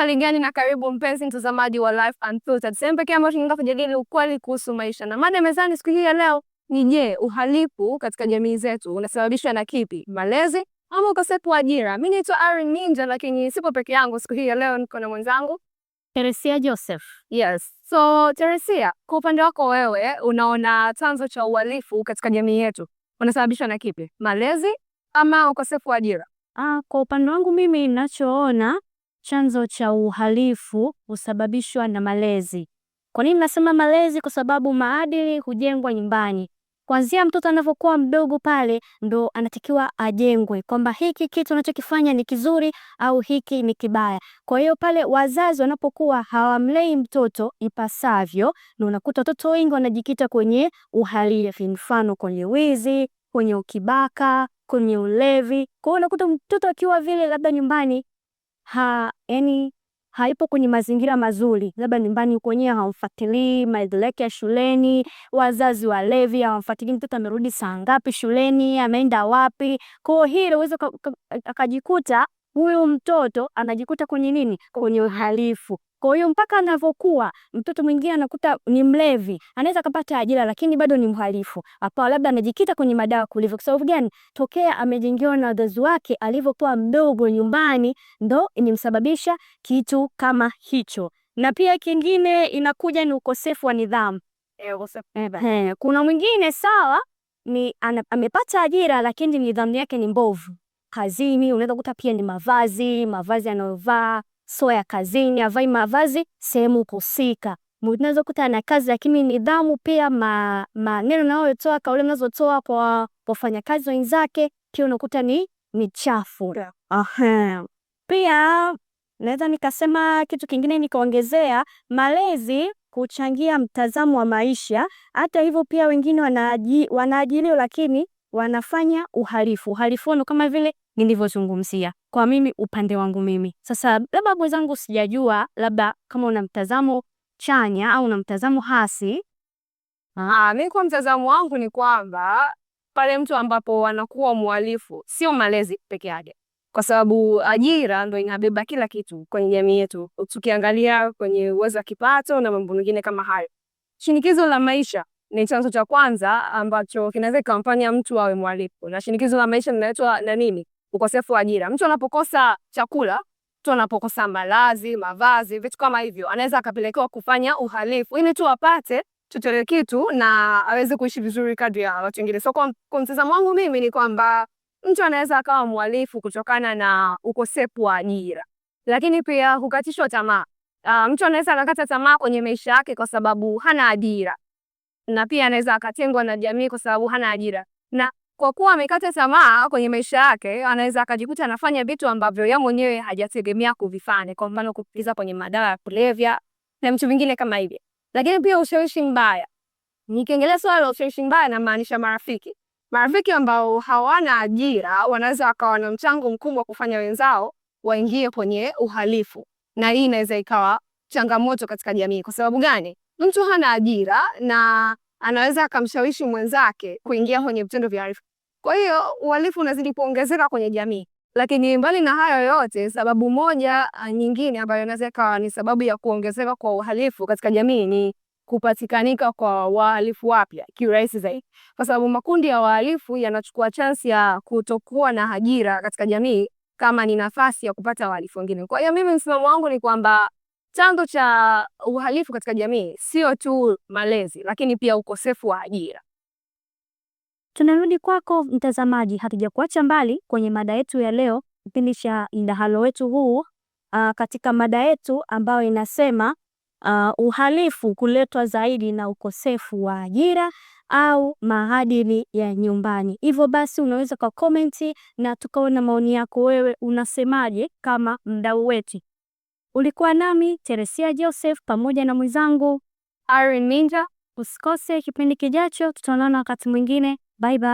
hali gani na karibu mpenzi mtazamaji wa Life Unfiltered, sehemu pekee ambayo tunaenda kujadili ukweli kuhusu maisha, na mada mezani siku hii ya leo ni je, uhalifu katika jamii zetu unasababishwa na kipi? Malezi ama ukosefu wa ajira? Mimi naitwa Ari Ninja, lakini sipo peke yangu siku hii ya leo, niko na mwenzangu Teresia Joseph. Yes. So Teresia, kwa upande wako wewe unaona chanzo cha uhalifu katika jamii yetu unasababishwa na kipi? Malezi ama ukosefu wa ajira? Ah, kwa upande wangu mimi ninachoona chanzo cha uhalifu husababishwa na malezi. Kwa nini nasema malezi? Kwa sababu maadili hujengwa nyumbani kwanzia mtoto anavyokuwa mdogo pale ndo anatakiwa ajengwe kwamba hiki kitu anachokifanya ni kizuri au hiki ni kibaya. Kwa hiyo pale wazazi wanapokuwa hawamlei mtoto ipasavyo, ndo unakuta watoto wengi wanajikita kwenye uhalifu, mfano kwenye wizi, kwenye ukibaka, kwenye ulevi. Kwa hiyo unakuta mtoto akiwa vile labda nyumbani ha yani haipo kwenye mazingira mazuri, labda nyumbani yuko mwenyewe hamfuatilii maendeleo yake ya shuleni, wazazi walevi, hawamfuatilii mtoto amerudi saa ngapi shuleni, ameenda wapi. Kwa hiyo hilo akajikuta huyu mtoto anajikuta kwenye nini, kwenye uhalifu. Kwa hiyo mpaka anavyokuwa mtoto mwingine anakuta ni mlevi, anaweza kapata ajira, lakini bado ni mhalifu hapa, labda anajikita kwenye madawa kulivyo. Kwa sababu gani? Tokea amejengewa na wazazi wake alivyokuwa mdogo nyumbani, ndo inimsababisha kitu kama hicho. Na pia kingine inakuja ni ukosefu wa nidhamu. Eh, kuna mwingine sawa, ni amepata ajira, lakini nidhamu yake ni mbovu kazini, unaweza kukuta pia ni mavazi, mavazi anayovaa so ya kazini, avai mavazi sehemu husika. Unaweza kuta ana kazi lakini nidhamu pia maneno ma, maneno anayotoa kauli anazotoa kwa wafanyakazi wenzake pia unakuta ni ni chafu. Aha. Pia naweza nikasema kitu kingine nikaongezea malezi kuchangia mtazamo wa maisha. Hata hivyo pia wengine wanaajiriwa, lakini wanafanya uhalifu. Uhalifu kama vile nilivyozungumzia kwa mimi upande wangu mimi. Sasa labda mwenzangu, sijajua labda kama una mtazamo chanya au una mtazamo hasi. Ah, mimi ah, kwa mtazamo wangu ni kwamba pale mtu ambapo anakuwa mwalifu sio malezi peke yake, kwa sababu ajira ndo inabeba kila kitu kwenye jamii yetu, tukiangalia kwenye uwezo wa kipato na mambo mengine kama hayo. Shinikizo la maisha ni chanzo cha kwanza ambacho kinaweza kikamfanya mtu awe mwalifu, na shinikizo la maisha linaletwa na nini? ukosefu wa ajira. Mtu anapokosa chakula, mtu anapokosa malazi, mavazi, vitu kama hivyo, anaweza akapelekewa kufanya uhalifu ili tu apate chochote kitu na aweze kuishi vizuri kadri ya watu wengine. So kwa, kwa mtazamo wangu mimi ni kwamba mtu anaweza akawa mhalifu kutokana na ukosefu wa ajira, lakini pia hukatishwa tamaa. Uh, mtu anaweza akakata tamaa kwenye maisha yake kwa sababu hana ajira, na pia anaweza akatengwa na jamii kwa sababu hana ajira, na kwa kuwa amekata tamaa kwenye maisha yake, anaweza akajikuta anafanya vitu ambavyo yeye mwenyewe hajategemea kuvifanya, kwa mfano kupiza kwenye madawa ya kulevya na mtu mwingine kama hivyo. Lakini pia ushawishi mbaya, nikiongelea swala la ushawishi mbaya, namaanisha marafiki, marafiki ambao hawana ajira, wanaweza wakawa na mchango mkubwa kufanya wenzao waingie kwenye uhalifu, na hii inaweza ikawa changamoto katika jamii. Kwa sababu gani? Mtu hana ajira na anaweza akamshawishi mwenzake kuingia kwenye vitendo vya uhalifu. Kwa hiyo uhalifu unazidi kuongezeka kwenye jamii. Lakini mbali na hayo yote, sababu moja ah, nyingine ambayo inaweza ikawa ni sababu ya kuongezeka kwa uhalifu katika jamii ni kupatikanika kwa wahalifu wapya kiurahisi zaidi, kwa sababu makundi ya wahalifu yanachukua chansi ya kutokuwa na ajira katika jamii kama ni nafasi ya kupata wahalifu wengine. Kwa hiyo mimi msimamo wangu ni kwamba Chanzo cha uhalifu katika jamii sio tu malezi, lakini pia ukosefu wa ajira. Tunarudi kwako mtazamaji, hatujakuacha mbali kwenye mada yetu ya leo, kipindi cha mdahalo wetu huu. Uh, katika mada yetu ambayo inasema uh, uhalifu kuletwa zaidi na ukosefu wa ajira au maadili ya nyumbani. Hivyo basi unaweza kwa komenti na tukaona maoni yako, wewe unasemaje kama mdau wetu. Ulikuwa nami Teresia Joseph pamoja na mwenzangu Irene Minja. Usikose kipindi kijacho, tutaonana wakati mwingine. Bye bye.